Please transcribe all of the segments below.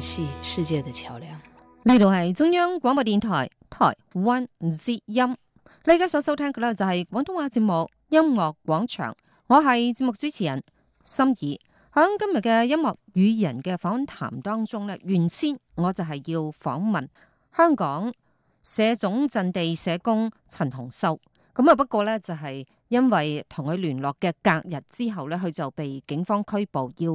係世界的橋樑。呢度係中央廣播電台台灣之音。你而家所收聽嘅呢，就係廣東話節目《音樂廣場》。我係節目主持人心儀。響今日嘅音樂與人嘅訪談當中呢，原先我就係要訪問香港社總陣地社工陳虹秀。咁啊，不過呢，就係因為同佢聯絡嘅隔日之後呢，佢就被警方拘捕，要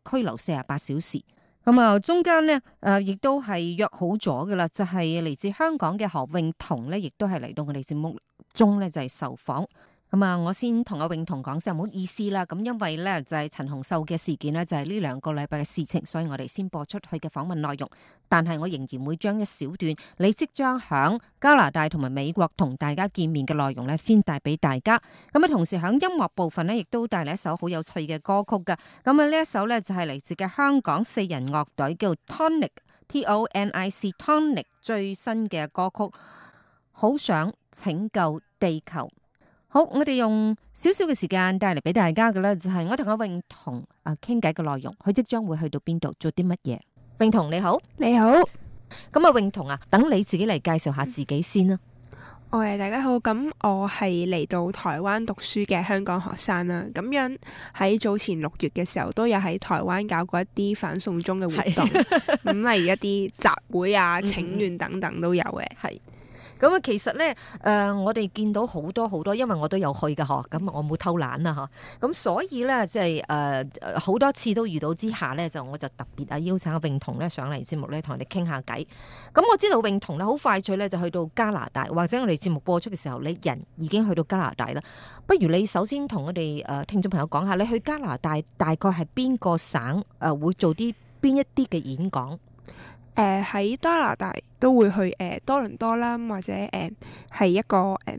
誒拘留四十八小時。咁啊，中間咧，誒，亦都係約好咗嘅啦，就係嚟自香港嘅何永彤咧，亦都係嚟到我哋節目中咧，就係受訪。咁啊、嗯！我先同阿永彤講聲唔好意思啦。咁因為咧就係、是、陳虹秀嘅事件呢就係呢兩個禮拜嘅事情，所以我哋先播出去嘅訪問內容。但係我仍然會將一小段你即將響加拿大同埋美國同大家見面嘅內容呢，先帶俾大家。咁、嗯、啊，同時響音樂部分呢，亦都帶嚟一首好有趣嘅歌曲噶。咁、嗯、啊，呢一首呢，就係、是、嚟自嘅香港四人樂隊叫 ToNick, t o n i c T O N I C 最新嘅歌曲《好想拯救地球》。好，我哋用少少嘅時間帶嚟俾大家嘅咧，就係、是、我同阿穎彤啊傾偈嘅內容，佢即將會去到邊度做啲乜嘢？穎彤你好，你好。咁啊好，穎彤啊，等你自己嚟介紹下自己先啦。喂，大家好。咁我係嚟到台灣讀書嘅香港學生啦。咁樣喺早前六月嘅時候，都有喺台灣搞過一啲反送中嘅活動，咁例是 如一啲集會啊、請願等等都有嘅，係、嗯哼。咁啊，其實咧，誒、呃，我哋見到好多好多，因為我都有去嘅嗬，咁、啊、我冇偷懶啦嗬，咁、啊、所以咧，即係誒好多次都遇到之下咧，就我就特別啊邀請阿泳彤咧上嚟節目咧，同你傾下偈。咁、嗯、我知道泳彤咧好快脆咧就去到加拿大，或者我哋節目播出嘅時候你人已經去到加拿大啦。不如你首先同我哋誒聽眾朋友講下，你去加拿大大概係邊個省誒會做啲邊一啲嘅演講？誒喺加拿大都會去誒、呃、多倫多啦，或者誒係、呃、一個誒、呃、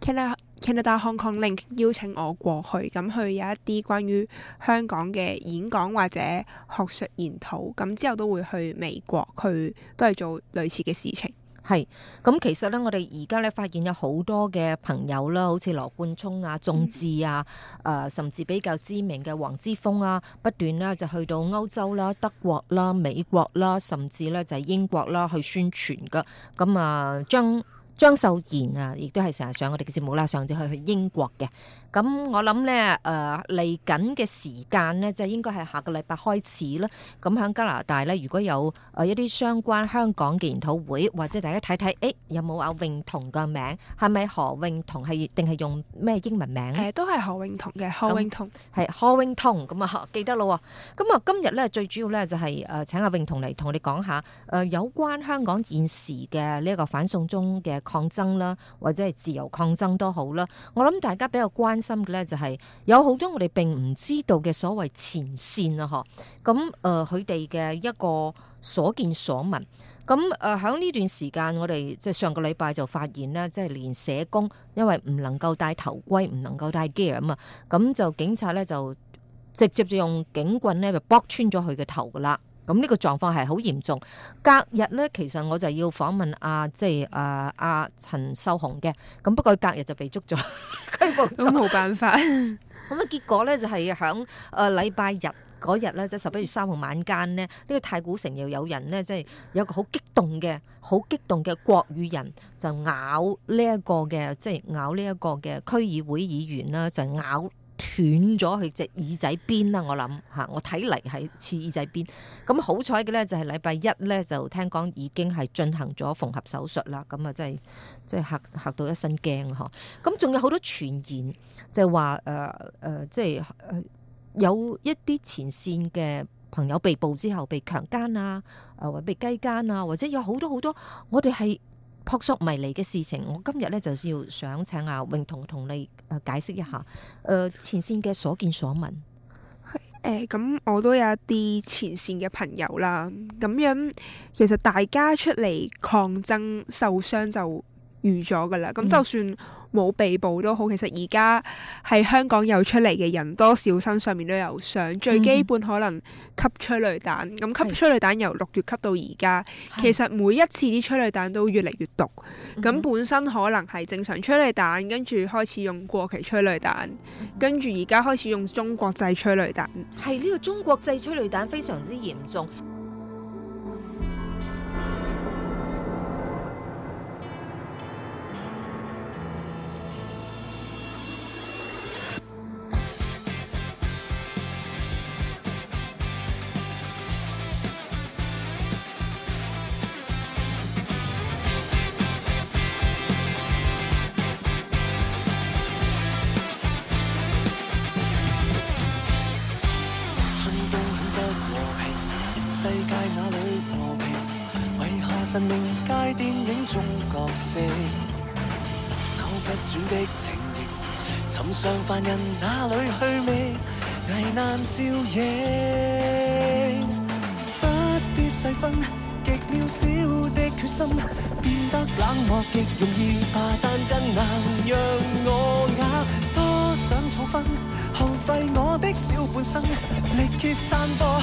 Canada Canada Hong Kong Link 邀請我過去，咁、嗯、去有一啲關於香港嘅演講或者學術研討，咁、嗯、之後都會去美國，去都係做類似嘅事情。係，咁、嗯、其實咧，我哋而家咧發現有好多嘅朋友啦，好似羅冠聰啊、眾志啊、誒，甚至比較知名嘅黃之鋒啊，不斷咧就去到歐洲啦、德國啦、美國啦，甚至咧就係英國啦去宣傳㗎。咁、嗯、啊，張張秀賢啊，亦都係成日上我哋嘅節目啦，上次去去英國嘅。咁我諗咧，誒嚟緊嘅時間呢，就係應該係下個禮拜開始啦。咁喺加拿大呢，如果有誒一啲相關香港嘅研討會，或者大家睇睇，誒、欸、有冇阿泳彤嘅名？係咪何泳彤？係定係用咩英文名？都係何泳彤嘅何泳彤，係何泳彤。咁啊，記得咯。咁啊，今日呢，最主要呢，就係、是、誒請阿泳彤嚟同我哋講下誒、呃、有關香港現時嘅呢個反送中嘅抗爭啦，或者係自由抗爭都好啦。我諗大家比較關心。心嘅咧就係有好多我哋並唔知道嘅所謂前線啊，嗬，咁誒佢哋嘅一個所見所聞。咁誒喺呢段時間我哋即係上個禮拜就發現咧，即係連社工因為唔能夠戴頭盔，唔能夠戴 gear 啊嘛，咁就警察咧就直接就用警棍咧就剝穿咗佢嘅頭噶啦。咁呢個狀況係好嚴重，隔日咧，其實我就要訪問阿、啊、即係啊阿陳、啊、秀紅虹秀嘅，咁不過隔日就被捉咗 拘捕冇了辦法。咁啊結果咧就係響誒禮拜日嗰日咧，即係十一月三號晚間呢，呢、這個太古城又有人呢，即係有個好激動嘅、好激動嘅國語人就咬呢一個嘅，即係咬呢一個嘅區議會議員啦，就咬。斷咗佢隻耳仔邊啦，我諗吓，我睇嚟，係似耳仔邊。咁好彩嘅咧，就係禮拜一咧就聽講已經係進行咗縫合手術啦。咁啊，真係真係吓吓到一身驚呵。咁仲有好多傳言，就係話誒誒，即係有一啲前線嘅朋友被捕之後被強姦啊，誒、呃、或被雞姦啊，或者有好多好多我，我哋係。撲朔迷離嘅事情，我今日咧就要、是、想請阿、啊、泳彤同你誒解釋一下誒、呃、前線嘅所見所聞誒。咁、嗯呃嗯、我都有一啲前線嘅朋友啦。咁樣，其實大家出嚟抗爭受傷就。預咗噶啦，咁就算冇被捕都好。其實而家喺香港有出嚟嘅人，多少身上面都有相。最基本可能吸催淚彈，咁吸催淚彈由六月吸到而家。的其實每一次啲催淚彈都越嚟越毒。咁本身可能係正常催淚彈，跟住開始用過期催淚彈，跟住而家開始用中國製催淚彈。係，呢個中國製催淚彈非常之嚴重。名界電影中角色，扭不轉的情形，尋常凡人哪裏去覓危難照應？不必 細分，極渺小的決心，變得冷漠極容易吧，但更能讓我咬。多想重分，耗費我的小半生，力竭散播。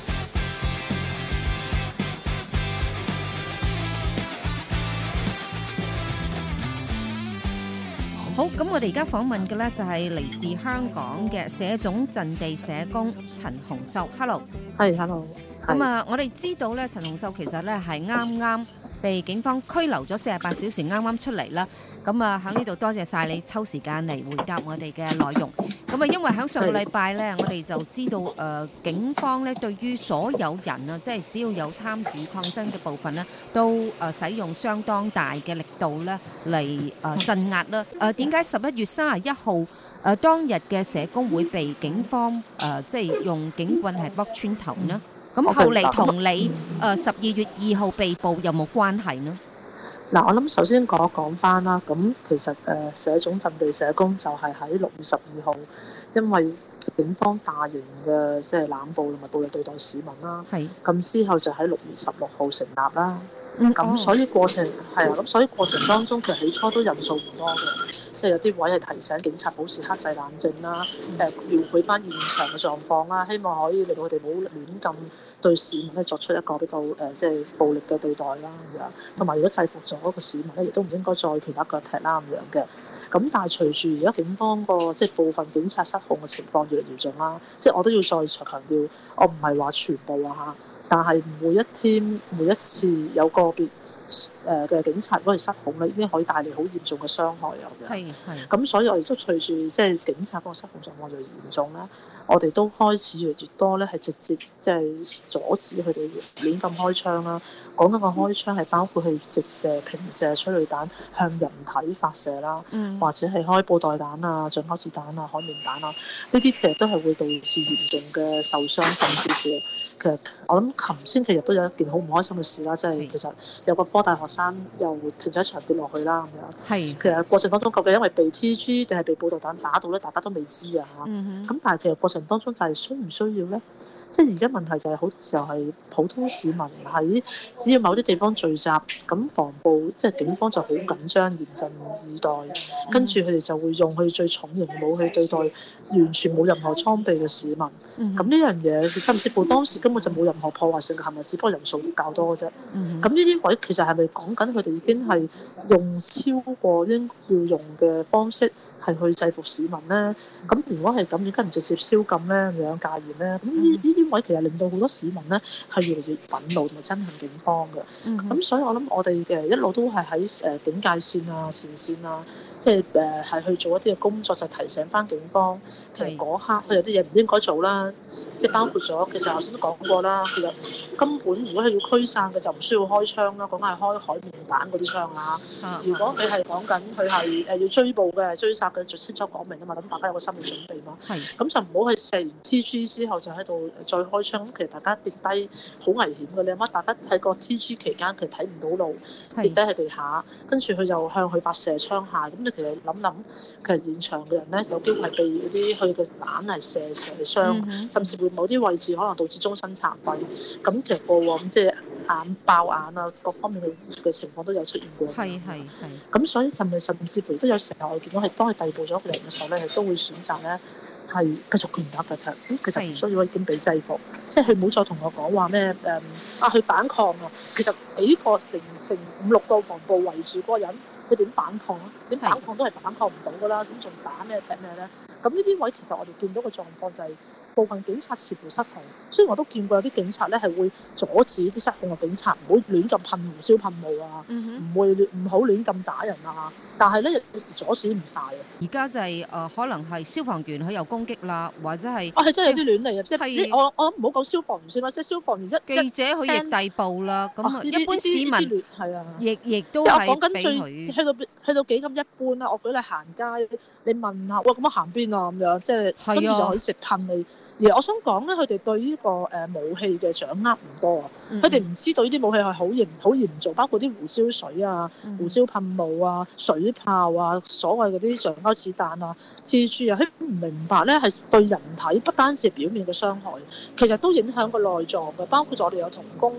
好，咁我哋而家訪問嘅咧就係、是、嚟自香港嘅社總陣地社工陳虹秀。Hello，係、yes，hello、yes。咁我哋知道咧，陳虹秀其實咧係啱啱，被警方拘留咗四十八小時，啱啱出嚟啦。咁啊，喺呢度多謝晒你抽時間嚟回答我哋嘅內容。咁啊，因為喺上個禮拜呢，我哋就知道誒警方呢對於所有人啊，即係只要有參與抗爭嘅部分呢，都誒使用相當大嘅力度呢嚟誒鎮壓啦。誒點解十一月三十一號誒當日嘅社工會被警方誒即係用警棍係剝穿頭呢？咁、嗯、後嚟同你誒十二月二號被捕有冇關係呢？嗱， 我諗首先講講返啦。咁其實誒社總陣地社工就係喺六月十二號，因為警方大型嘅即係濫暴同埋暴力對待市民啦是。係咁，之後就喺六月十六號成立啦。咁、嗯嗯、所以過程係啊，咁所以過程當中其實起初都人數唔多嘅，即、就、係、是、有啲位係提醒警察保持克制冷靜啦、啊，誒調配翻現場嘅狀況啦、啊，希望可以令到佢哋冇亂咁對市民咧作出一個比較誒即係暴力嘅對待啦咁樣，同、啊、埋如果制服咗一個市民咧，亦都唔應該再拳打腳踢啦咁樣嘅。咁但係隨住而家警方個即係部分警察失控嘅情況越嚟越嚴重啦、啊，即、就、係、是、我都要再強調，我唔係話全部啊嚇。但係每一天、每一次有個別誒嘅警察嗰啲失控咧，已經可以帶嚟好嚴重嘅傷害，咁樣，係係。咁所以我亦都隨住即係警察嗰個失控狀況越嚟越嚴重咧，我哋都開始越嚟越多咧，係直接即係、就是、阻止佢哋亂咁開槍啦。講緊嘅開槍係包括去直射、平射、催淚彈向人體發射啦，嗯、或者係開布袋彈啊、橡膠子彈啊、海綿彈啊，呢啲其實都係會導致嚴重嘅受傷甚至乎。其實我諗琴星期日都有一件好唔開心嘅事啦，即係其實有個科大學生又停車場跌落去啦咁樣。係。其實過程當中究竟因為被 T.G. 定係被布袋彈，彈打到咧，大家都未知啊咁、mm hmm. 但係其實過程當中就係需唔需要咧？即係而家問題就係、是、好多時候就係普通市民喺只要某啲地方聚集，咁防暴即係警方就好緊張嚴陣以待，跟住佢哋就會用佢最重型武器對待完全冇任何裝備嘅市民。嗯、mm。咁、hmm. 呢樣嘢甚至乎當時根本就冇任何破壞性嘅，係咪？只不過人數越較多嘅啫。咁呢啲位其實係咪講緊佢哋已經係用超過應要用嘅方式係去制服市民咧？咁如果係咁，點解唔直接宵禁咧，兩戒嚴咧，咁呢呢啲位其實令到好多市民咧係越嚟越憤怒同埋憎恨警方嘅。咁所以我諗我哋嘅一路都係喺誒警戒線啊、前線啊，即係誒係去做一啲嘅工作，就提醒翻警方，其實嗰刻佢有啲嘢唔應該做啦。即係包括咗，其實頭先都講。過啦，其實根本如果係要驅散嘅就唔需要開槍啦，講係開海綿彈嗰啲槍啊。如果佢係講緊佢係誒要追捕嘅、追殺嘅，就清楚講明啊嘛，咁大家有個心理準備嘛。係，咁就唔好係射完 TG 之後就喺度再開槍，咁其實大家跌低好危險嘅。你諗下，大家喺個 TG 期間其實睇唔到路，跌低喺地下，跟住佢就向佢發射槍械，咁你其實諗諗，其實現場嘅人咧，有機會被嗰啲佢嘅彈係射射傷，甚至乎某啲位置可能導致終身。插肺，咁、 嗯嗯、其實過往即係眼爆眼啊，各方面嘅嘅情況都有出現過。係係係。咁、 嗯嗯、所以甚至甚至乎都有時候我見到係當佢逮捕咗佢哋嘅時候咧，係都會選擇咧係繼續拳打腳踢。咁其實唔需要我已經被制服，即係佢唔好再同我講話咩誒啊，佢反抗啊！其實幾個成成五六個防暴圍住嗰個人，佢點反抗啊？點反抗都係反抗唔到㗎啦，咁仲打咩踢咩咧？咁呢啲位其實我哋見到個狀況就係、是。部分警察似乎失控，雖然我都見過有啲警察咧係會阻止啲失控嘅警察唔好亂咁噴紅燒噴霧啊，唔會亂唔好亂咁打人啊。但係咧有時阻止唔曬。而家就係誒，可能係消防員佢又攻擊啦，或者係啊，係真係有啲亂嚟啊！即係我我唔好講消防員先算啦，即係消防員一記者去逆地步啦，咁一般市民係啊，亦亦都係講緊最去到去到幾咁一般啦。我舉例行街，你問下，哇咁樣行邊啊咁樣，即係跟住就可以直噴你。而我想講咧，佢哋對呢個誒武器嘅掌握唔多啊，佢哋唔知道呢啲武器係好嚴好嚴重，包括啲胡椒水啊、mm hmm. 胡椒噴霧啊、水炮啊、所謂嗰啲橡膠子彈啊、刺柱啊，佢唔明白咧係對人體不單止表面嘅傷害，其實都影響個內臟嘅。包括咗我哋有童工，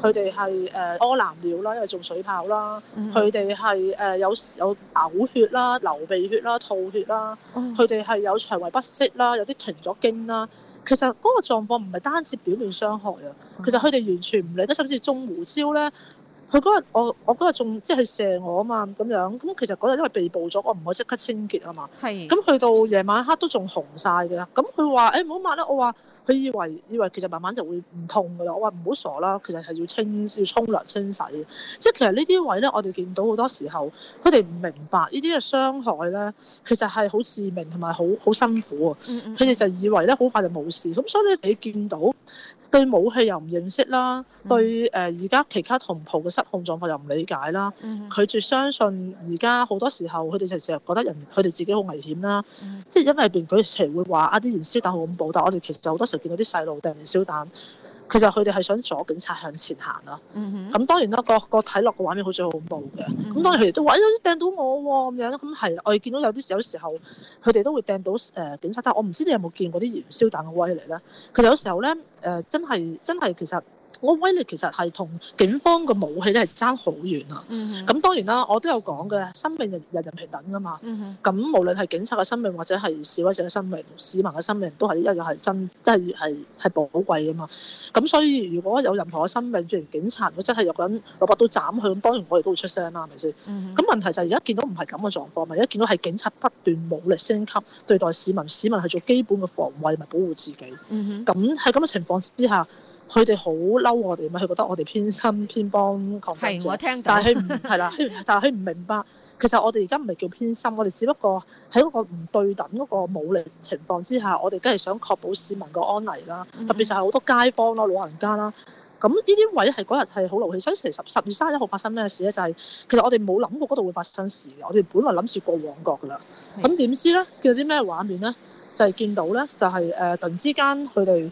佢哋係誒屙藍尿啦，因為中水炮啦，佢哋係誒有有嘔血啦、流鼻血啦、吐血啦，佢哋係有腸胃不適啦，有啲停咗經啦。其實嗰個狀況唔係單止表面傷害啊，其實佢哋完全唔理得，甚至中胡椒咧。佢嗰日我我嗰日仲即係射我啊嘛咁樣，咁其實嗰日因為被捕咗，我唔可以即刻清潔啊嘛。係是。咁去到夜晚黑都仲紅晒嘅，咁佢話：誒唔好抹啦！我話佢以為以為其實慢慢就會唔痛噶啦。我話唔好傻啦，其實係要清要沖涼清洗嘅。即係其實呢啲位咧，我哋見到好多時候，佢哋唔明白呢啲嘅傷害咧，其實係好致命同埋好好辛苦啊。佢哋、嗯嗯、就以為咧好快就冇事，咁所以你見到。對武器又唔認識啦，嗯、對誒而家其他同袍嘅失控狀況又唔理解啦，佢仲、嗯嗯、相信而家好多時候佢哋成成日覺得人佢哋自己好危險啦，嗯、即係因為連佢成日會話啊啲燃燒彈好恐怖，但係我哋其實好多時候見到啲細路掟燃燒彈。其實佢哋係想阻警察向前行咯、啊。咁、mm hmm. 嗯、當然啦，個個睇落個畫面好似好恐怖嘅。咁、mm hmm. 當然佢哋都話、欸、有啲掟到我喎咁樣。咁、嗯、係、嗯，我哋見到有啲有啲時候，佢哋都會掟到誒、呃、警察，但我唔知你有冇見過啲燃燒彈嘅威力咧？其實有時候咧誒、呃，真係真係其實。我威力其實係同警方嘅武器咧，係爭好遠啊！咁、mm hmm. 當然啦，我都有講嘅，生命人人人平等噶嘛。咁、mm hmm. 無論係警察嘅生命，或者係示威者嘅生命、市民嘅生命都，都係一樣係真，即係係係寶貴噶嘛。咁所以如果有任何嘅生命，譬如警察如果真係有個老落都刀斬佢，咁當然我哋都會出聲啦，係咪先？咁、hmm. 問題就係而家見到唔係咁嘅狀況，而家見到係警察不斷武力升級對待市民，市民係做基本嘅防衞同埋保護自己。咁喺咁嘅情況之下。佢哋好嬲我哋咪，佢覺得我哋偏心偏幫抗爭者，但係佢唔係啦，佢但係佢唔明白，其實我哋而家唔係叫偏心，我哋只不過喺嗰個唔對等、嗰個武力情況之下，我哋梗係想確保市民個安危啦。特別就係好多街坊啦、老人家啦，咁呢啲位係嗰日係好勞氣。所以其實十十月三十一號發生咩事咧？就係其實我哋冇諗過嗰度會發生事嘅。我哋本來諗住過旺角㗎啦，咁點知咧見到啲咩畫面咧？就係見到咧，就係誒，突然之間佢哋。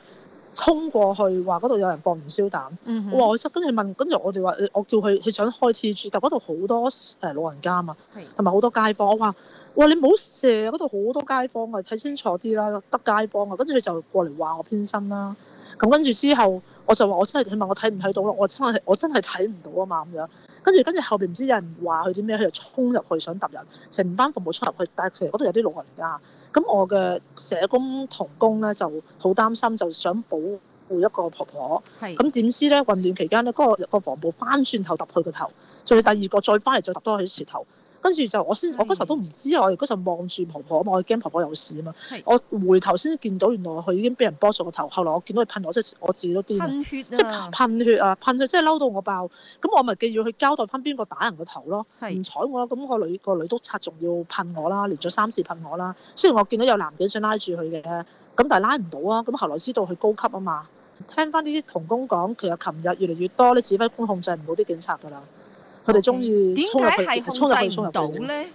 衝過去話嗰度有人放燃燒彈、嗯哼，我話我跟住問，跟住我哋話我叫佢佢想開鐵柱，但嗰度好多誒老人家啊嘛，同埋好多街坊，我話哇你唔好射，嗰度好多街坊啊，睇清楚啲啦，得街坊啊，跟住佢就過嚟話我偏心啦，咁跟住之後我就話我真係佢問我睇唔睇到咯，我真係我真係睇唔到啊嘛咁樣。跟住跟住後邊唔知有人話佢啲咩，佢就衝入去想揼人，成班服務衝入去，但係其實嗰度有啲老人家。咁我嘅社工同工咧就好擔心，就想保護一個婆婆。係是。咁點知咧混亂期間咧，嗰、嗰個、嗰個防暴翻轉頭揼佢個頭，再第二個再翻嚟再揼多佢啲舌頭。跟住就我先，我嗰時候都唔知，我嗰時候望住婆婆我驚婆婆有事啊嘛。是我回頭先見到，原來佢已經俾人剝咗個頭。後來我見到佢噴我，即係我自己都見血，即係噴血啊，噴血啊，即係嬲到我爆。咁我咪繼續去交代翻邊個打人個頭咯，唔睬是我啦。咁個女個女督察仲要噴我啦，連咗三次噴我啦。雖然我見到有男警想拉住佢嘅，咁但係拉唔到啊。咁後來知道佢高級啊嘛，聽翻呢啲同工講，其實琴日越嚟越多你指揮官控制唔到啲警察噶啦。佢哋中意衝入去，點解係控制唔到咧？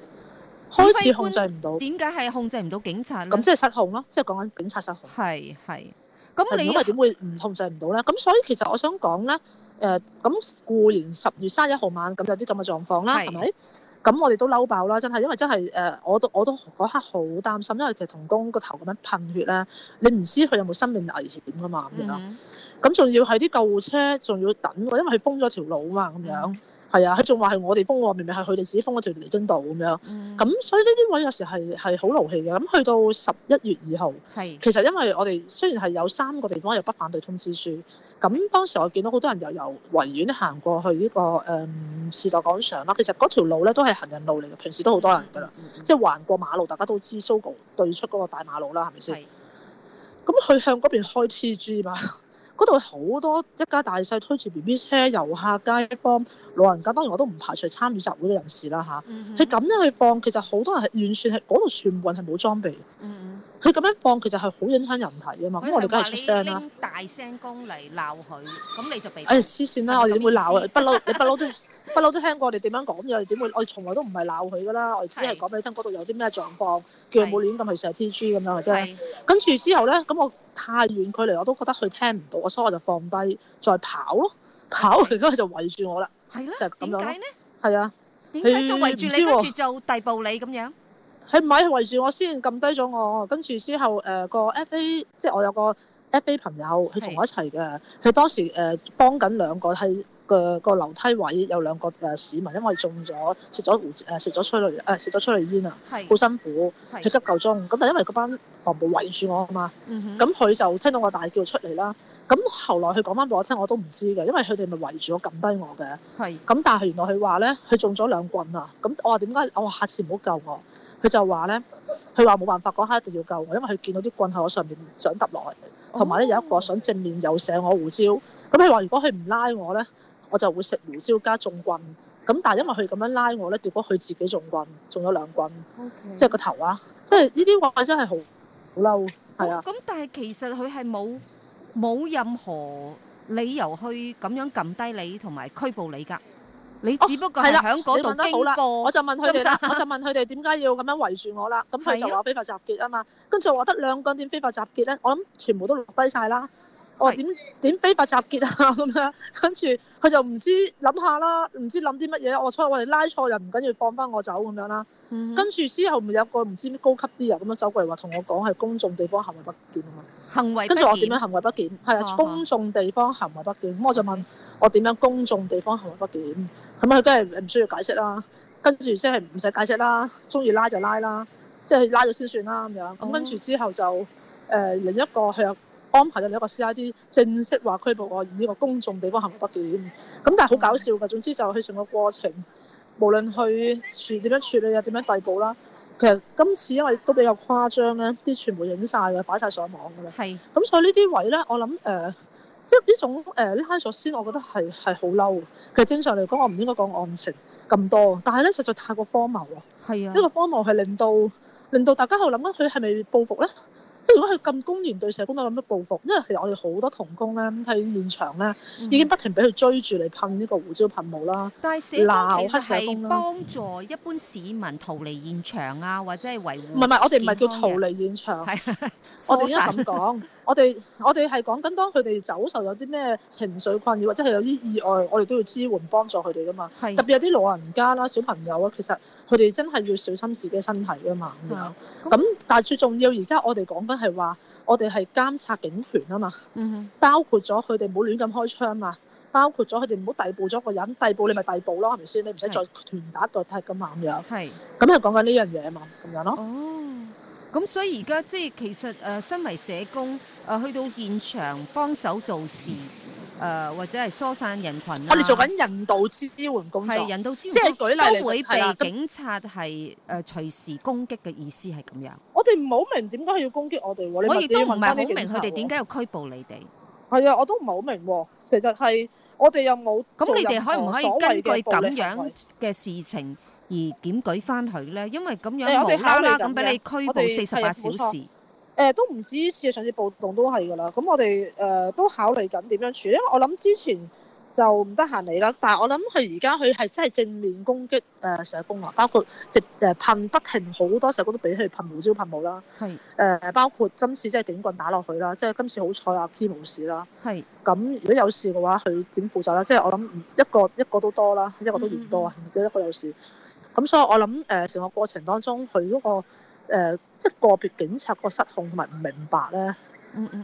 開始控制唔到，點解係控制唔到警察？咁即係失控咯，即係講緊警察失控。係係咁，你因為點會唔控制唔到咧？咁所以其實我想講咧，誒咁，故年十月三十一號晚咁有啲咁嘅狀況啦，係咪？咁我哋都嬲爆啦，真係因為真係誒，我都我都嗰刻好擔心，因為其實同工個頭咁樣噴血咧，你唔知佢有冇生命危險噶嘛咁樣。咁仲要係啲救護車仲要等喎，因為佢封咗條路啊嘛，咁樣。係啊，佢仲話係我哋封喎，明明係佢哋自己封嗰條彌敦道咁樣。咁、嗯、所以呢啲位有時係係好勞氣嘅。咁去到十一月二號，係是其實因為我哋雖然係有三個地方有不反對通知書，咁當時我見到好多人由由維園行過去呢、呢個誒時代廣場啦。其實嗰條路咧都係行人路嚟嘅，平時都好多人㗎啦。嗯、即係橫過馬路，大家都知 Sogo 對出嗰個大馬路啦，係咪先？咁佢是向嗰邊開 T G 嘛？ 嗰度好多一家大細推住 BB 車，遊客、街坊、老人家，當然我都唔排除參與集會嘅人士啦吓，佢、啊、咁、mm hmm. 樣去放，其實好多人係完全係嗰度全運係冇裝備。嗯、mm。Hmm. 佢咁樣放其實係好影響人體嘅嘛，咁我哋梗係出聲啦。大聲公嚟鬧佢，咁你就俾哎黐線啦！我哋點會鬧啊？不嬲，你不嬲都，不嬲都聽過我哋點樣講嘢。我哋點會？我哋從來都唔係鬧佢噶啦。我哋只係講俾你聽，嗰度有啲咩狀況，叫你冇亂咁去射 TG 咁樣啫。跟住之後咧，咁我太遠距離我都覺得佢聽唔到，所以我就放低再跑咯。跑，而家佢就圍住我啦，就係咁樣咯。點解呢？係啊，點解就圍住你跟住就逮捕你咁樣？佢唔係圍住我先，撳低咗我，跟住之後誒、呃、個 F.A. 即係我有個 F.A. 朋友，佢同我一齊嘅。佢當時誒、呃、幫緊兩個喺個個樓梯位有兩個誒市民，因為中咗食咗胡誒食咗催淚誒食咗催淚煙啊，係好辛苦，佢急救中。咁。但因為嗰班防暴圍住我啊嘛，咁佢、嗯、就聽到我大叫出嚟啦。咁後來佢講翻俾我聽，我都唔知嘅，因為佢哋咪圍住我撳低我嘅，係咁。但係原來佢話咧，佢中咗兩棍啊！咁我話點解？我話下次唔好救我。佢就話咧，佢話冇辦法，嗰刻一定要救我，因為佢見到啲棍喺我上面想揼落嚟，同埋咧，有一個想正面有射我胡椒。咁佢話如果佢唔拉我咧，我就會食胡椒加中棍。咁但係因為佢咁樣拉我咧，結果佢自己中棍，中咗兩棍，Okay. 即係個頭啊！即係呢啲話真係好，好嬲，係啊！咁但係其實佢係冇冇任何理由去咁樣撳低你同埋拘捕你㗎。你只不過係喺嗰度經過，我就問佢哋，啦。 我就問佢哋點解要咁樣圍住我啦？咁佢就話非法集結啊嘛，跟住我話得兩個人點非法集結咧？我諗全部都落低晒啦。我點點非法集結啊咁樣，跟住佢就唔知諗下啦，唔知諗啲乜嘢。我錯，我拉錯人，唔緊要，放翻我走咁樣啦。跟住之後咪有個唔知咩高級啲人咁樣走過嚟，話同我講係公眾地方行為不檢啊嘛。行為不檢，跟住我點樣行為不檢？係啊，公眾地方行為不檢。咁我就問我點樣公眾地方行為不檢？咁啊，佢都係唔需要解釋啦。跟住即係唔使解釋啦，中意拉就拉啦，即係拉咗先算啦咁樣。跟住之後就誒另一個佢。安排咗你一個 CID 正式話拘捕我，而呢個公眾地方行不檢。咁但係好搞笑㗎，總之就喺成個過程，無論去處點樣處理啊，點樣逮捕啦，其實今次因為都比較誇張咧，啲傳媒影晒㗎，擺晒上網㗎喇。係的。咁所以呢啲位咧，我諗誒、呃，即係呢種誒、呃、拉咗先，我覺得係係好嬲。其實正常嚟講，我唔應該講案情咁多，但係咧實在太過荒謬啊。係啊的。呢個荒謬係令到令到大家去諗啊，佢係咪報復咧？即係如果佢咁公然對社工都咁樣報復，因為其實我哋好多同工咧，咁喺現場咧已經不停俾佢追住嚟噴呢個胡椒噴霧啦。但係社工其實係幫助一般市民逃離現場啊，或者係維護人。唔係唔係，我哋唔係叫逃離現場， 確實 我哋應該咁講。我哋我哋係講緊當佢哋走受有啲咩情緒困擾，或者係有啲意外，我哋都要支援幫助佢哋噶嘛。的特別有啲老人家啦、小朋友啊，其實。佢哋真係要小心自己身體啊嘛咁樣咁。的嗯、但係最重要而家我哋講緊係話，我哋係監察警權啊嘛，嗯、哼嘛，包括咗佢哋唔好亂咁開槍啊嘛，包括咗佢哋唔好逮捕咗個人，逮捕你咪逮捕咯，係咪先？你唔使再拳打腳踢咁樣。係咁係講緊呢樣嘢啊嘛咁樣咯。哦，咁所以而家即係其實誒、呃，身為社工誒、呃，去到現場幫手做事。誒或者係疏散人群，啊，我哋做緊人道支援工作，係人道支援工作，舉例都會被警察係誒的隨時攻擊嘅意思係咁樣。我哋唔好明點解要攻擊我哋喎，我亦都唔係好明佢哋點解要拘捕你哋？係啊，我都唔係好明喎、哦。其實係我哋又冇咁，你哋可唔可以根據咁樣嘅事情而檢舉翻佢咧？因為咁樣無啦啦咁俾你拘捕四十八小時。誒、呃、都唔止一次，上次暴動都係㗎啦。咁、嗯、我哋誒、呃、都考慮緊點樣處理，因為我諗之前就唔得閒理啦。但係我諗佢而家佢係真係正面攻擊誒、呃、社工啊，包括直誒、呃、噴不停，好多社工都俾佢噴胡椒噴霧啦。係誒是、呃，包括今次即係警棍打落去啦，即、就、係、是、今次好彩阿 K 冇事啦。係咁是，如果有事嘅話，佢點負責啦？即、就、係、是、我諗一個一個都多啦，一個都嫌多，一個有事。咁所以我諗誒成個過程當中，佢嗰、那個。誒、呃，即係個別警察個失控同埋唔明白咧，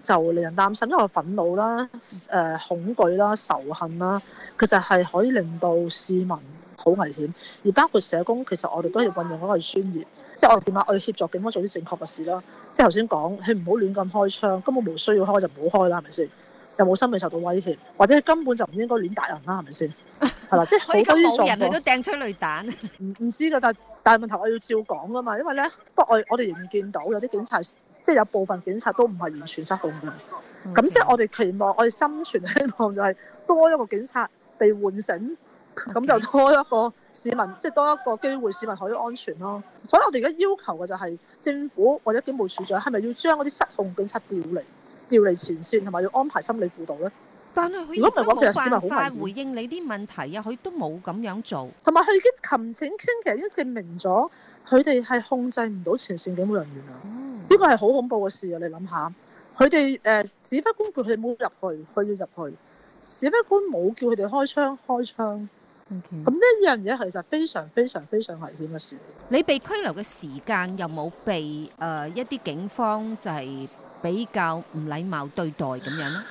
就令人擔心，因為憤怒啦、誒、呃、恐懼啦、仇恨啦，其實係可以令到市民好危險。而包括社工，其實我哋都要運用嗰個專業，即係我哋點啊，我哋協助警方做啲正確嘅事啦。即係頭先講，佢唔好亂咁開槍，根本冇需要開就唔好開啦，係咪先？有冇心理受到威脅，或者根本就唔應該亂打人啦，係咪先？係啦 吧，即係好多啲撞，都掟出雷彈。唔唔知㗎，但係但係問題我要照講㗎嘛，因為咧，不過我我哋仍然見到有啲警察，即係有部分警察都唔係完全失控嘅。咁即係我哋期望，我哋心存希望就係多一個警察被喚醒，咁 Okay. 就多一個市民，即係多一個機會市民可以安全咯。所以我哋而家要求嘅就係政府或者警務處長係咪要將嗰啲失控警察調離？調嚟前線，同埋要安排心理輔導咧。但係，如果唔係揾佢哋，有方法回應你啲問題啊，佢都冇咁樣做。同埋佢已經擒整清，其實已經證明咗佢哋係控制唔到前線警務人員啊。呢個係好恐怖嘅事啊！你諗下，佢哋誒，只不過佢哋冇入去，佢要入去，只不過冇叫佢哋開槍，開槍。咁呢一樣嘢其實非常非常非常危險嘅事。你被拘留嘅時間有冇被誒、呃、一啲警方就係、是。比較唔禮貌對待咁樣咯。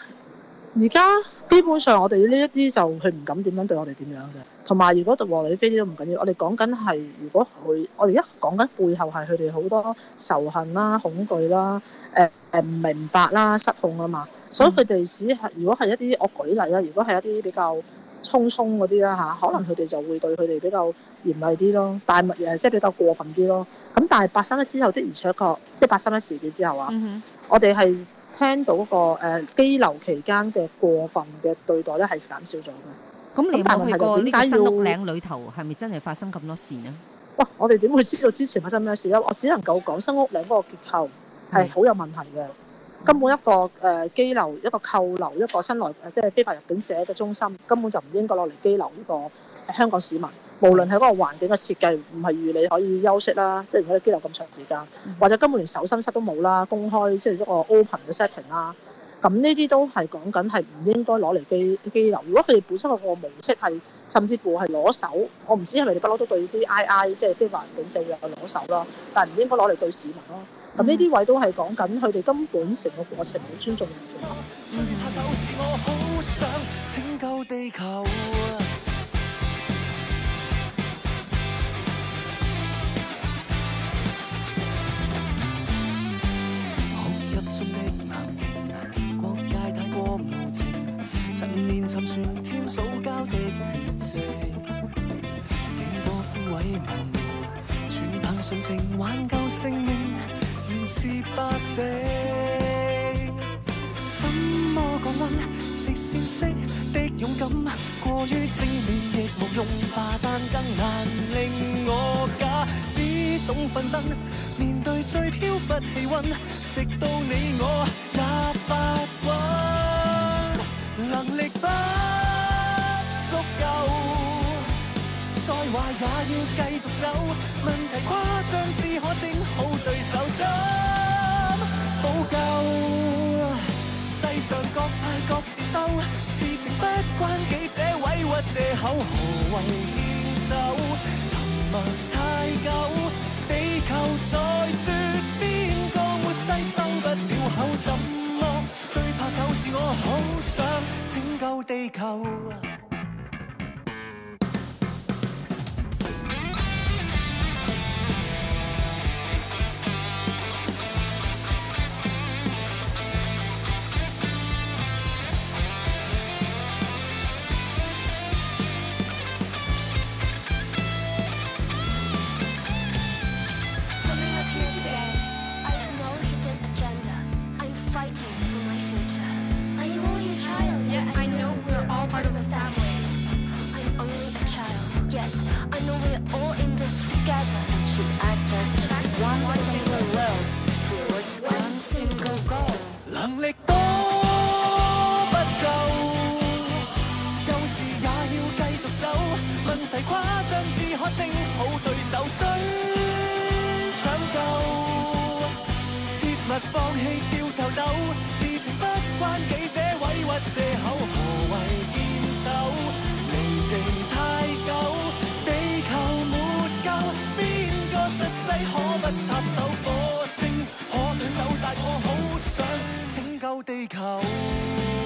而家基本上我哋呢一啲就佢唔敢點樣對我哋點樣嘅。同埋如果和理非啲都唔緊要，我哋講緊係如果佢，我哋一講緊背後係佢哋好多仇恨啦、啊、恐懼啦、啊、誒誒唔明白啦、啊、失控啊嘛。嗯、所以佢哋只係如果係一啲，我舉例啦、啊。如果係一啲比較。匆匆嗰啲啦嚇，可能佢哋就會對佢哋比較嚴厲啲咯，但係物又係即係比較過分啲咯。咁但係發生咗之後，的而且確，即係發生咗事件之後啊，嗯、哼我哋係聽到、個誒拘留期間嘅過分嘅對待咧，係減少咗嘅。咁、嗯、哼你問係點解要新屋嶺裏頭係咪真係發生咁多事呢？哇、嗯哼！我哋點會知道之前發生咩事呢？我只能夠講新屋嶺嗰個結構係好有問題嘅。嗯根本一個誒拘留，一個扣留，一個新來即係非法入境者嘅中心，根本就唔應該落嚟拘留呢個、呃、香港市民。無論係嗰個環境嘅設計，唔係預你可以休息啦，即係唔可以拘留咁長時間，或者根本連手心室都冇啦，公開即係、就是、一個 open 嘅 setting 啦。.咁呢啲都係講緊係唔應該攞嚟拘拘留。如果佢哋本身個模式係，甚至乎係攞手，我唔知係咪你不嬲都對啲 I I 即係啲環境制義係攞手咯，但係唔應該攞嚟對市民咯。咁呢啲位都係講緊佢哋根本成個過程冇尊重。我好想拯救地球。 陳年沉船添塑膠的血跡，幾多枯萎文明，全憑純情挽救性命，原是白死。怎麼降温？直線式的勇敢，過於正面亦無用吧，但更難令我假。只懂奮身，面對最飄忽氣温，直到你我也發滾。能力不足夠，再壞也要繼續走。問題誇張至可稱好對手，怎補救？世上各派各自修，事情不關己這委屈藉口何為獻醜？沉默太久，地球在説邊個沒犧牲，收不了口罩。最怕就是我好想拯救地球。放棄掉頭走，事情不關己者委屈藉口何謂堅守？離地太久，地球沒救，邊個實際可不插手？火星可攤手，但我好想拯救地球。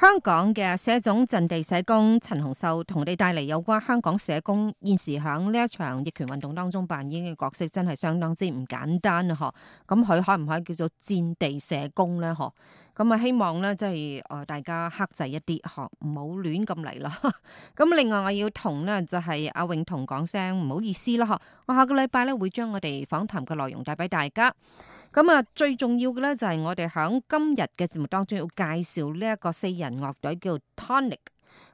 香港嘅社總陣地社工陳虹秀同你帶嚟有關香港社工現時喺呢一場逆權運動當中扮演嘅角色，真係相當之唔簡單啊！嗬，咁佢可唔可以叫做戰地社工呢？嗬，咁啊，希望呢，即係誒大家克制一啲，唔好亂咁嚟咯。咁另外我要同呢，就係、是、阿永同講聲唔好意思啦，嗬，我下個禮拜咧會將我哋訪談嘅內容帶俾大家。咁啊，最重要嘅呢，就係、是、我哋響今日嘅節目當中要介紹呢一個四人樂隊叫 ToNick，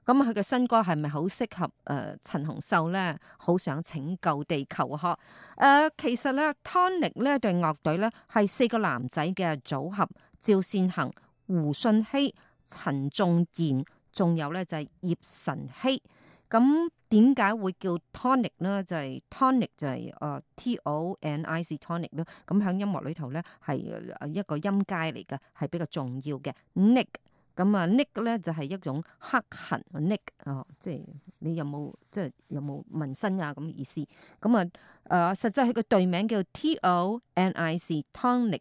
咁佢嘅新歌係咪好適合誒陳虹秀咧？好、呃、想拯救地球嗬。誒、呃，其實咧 ToNick 呢一對樂隊咧係四個男仔嘅組合，趙善恒、胡順熙、陳仲賢，仲有咧就係葉晨曦。咁點解會叫 ToNick 呢？就係、是、ToNick 就係、是、誒 T,、就是 uh, T O N I C ToNick 咯。咁響音樂裏頭咧係一個音階嚟嘅，係比較重要嘅 Nick。咁啊，Nick 咧就係、是、一種黑痕，Nick 哦，即係你有冇即係有冇紋身啊？咁嘅意思。咁、嗯、啊，誒、呃、實際佢嘅隊名叫 T O N I C Tonic。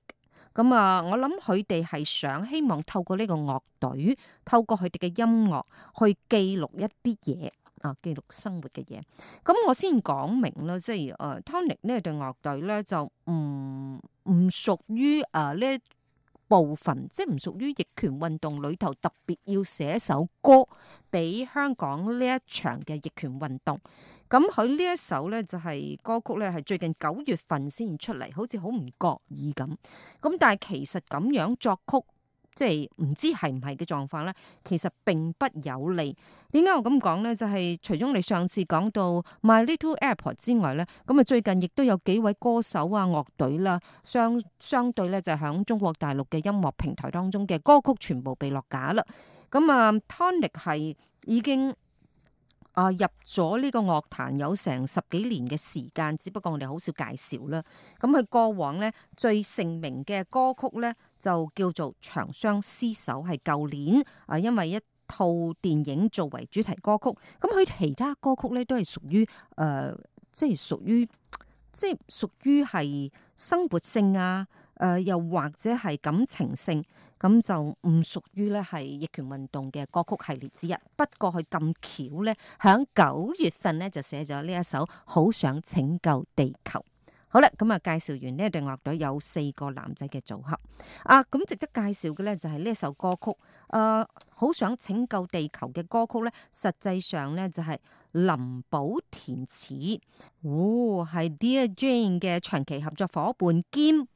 咁啊、嗯呃，我諗佢哋係想希望透過呢個樂隊，透過佢哋嘅音樂去記錄一啲嘢啊，記錄生活嘅嘢。咁、嗯、我先講明啦，即係誒、呃、Tonic 呢隊樂隊咧就唔唔、嗯、屬於誒呢。呃部分即係唔屬於逆權運動裏頭特別要寫首歌俾香港呢一場嘅逆權運動。咁佢呢一首咧就係歌曲咧係最近九月份先出嚟，好似好唔覺意咁。咁但係其實咁樣作曲。即係唔知係唔係嘅狀況咧，其實並不有利。點解我咁講咧？就係、是、除咗你上次講到 My Little Airport 之外咧，咁啊最近亦都有幾位歌手啊樂隊啦相相對咧就喺、是、中國大陸嘅音樂平台當中嘅歌曲全部被落架啦。咁、嗯、啊 ToNick 係已經。啊！入咗呢個樂壇有成十幾年嘅時間，只不過我哋好少介紹啦。咁佢過往咧最盛名嘅歌曲咧就叫做《長相廝守》，係舊年啊，因為一套電影作為主題歌曲。咁佢其他歌曲咧都係屬於誒、呃，即係屬於，即係屬於係生活性啊。誒、呃，又或者係感情性，咁就唔屬於咧係義權運動嘅歌曲系列之一。不過佢咁巧咧，喺九月份咧就寫咗呢一首《好想拯救地球》。好啦，咁啊介紹完呢隊樂隊有四個男仔嘅組合啊，咁值得介紹嘅咧就係呢一首歌曲誒，呃《好想拯救地球》嘅歌曲咧，實際上咧就係、是、林寶填詞，哦，係 Dear Jane 嘅長期合作夥伴兼。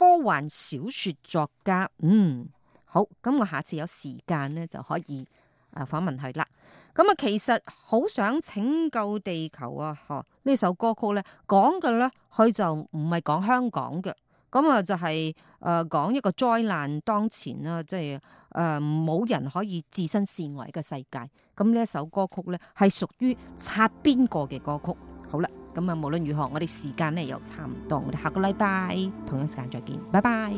科幻小說作家，嗯好，咁我下次有時間咧就可以誒訪問佢啦。咁啊，其實好想拯救地球啊！嗬、哦，呢首歌曲咧講嘅咧，佢就唔係講香港嘅，咁啊就係、是、誒、呃、講一個災難當前啦，即係誒冇人可以置身事外嘅世界。咁呢一首歌曲咧係屬於拆邊個嘅歌曲？咁啊，無論如何，我哋時間咧又差唔多，我哋下個禮拜同樣時間再見，拜拜。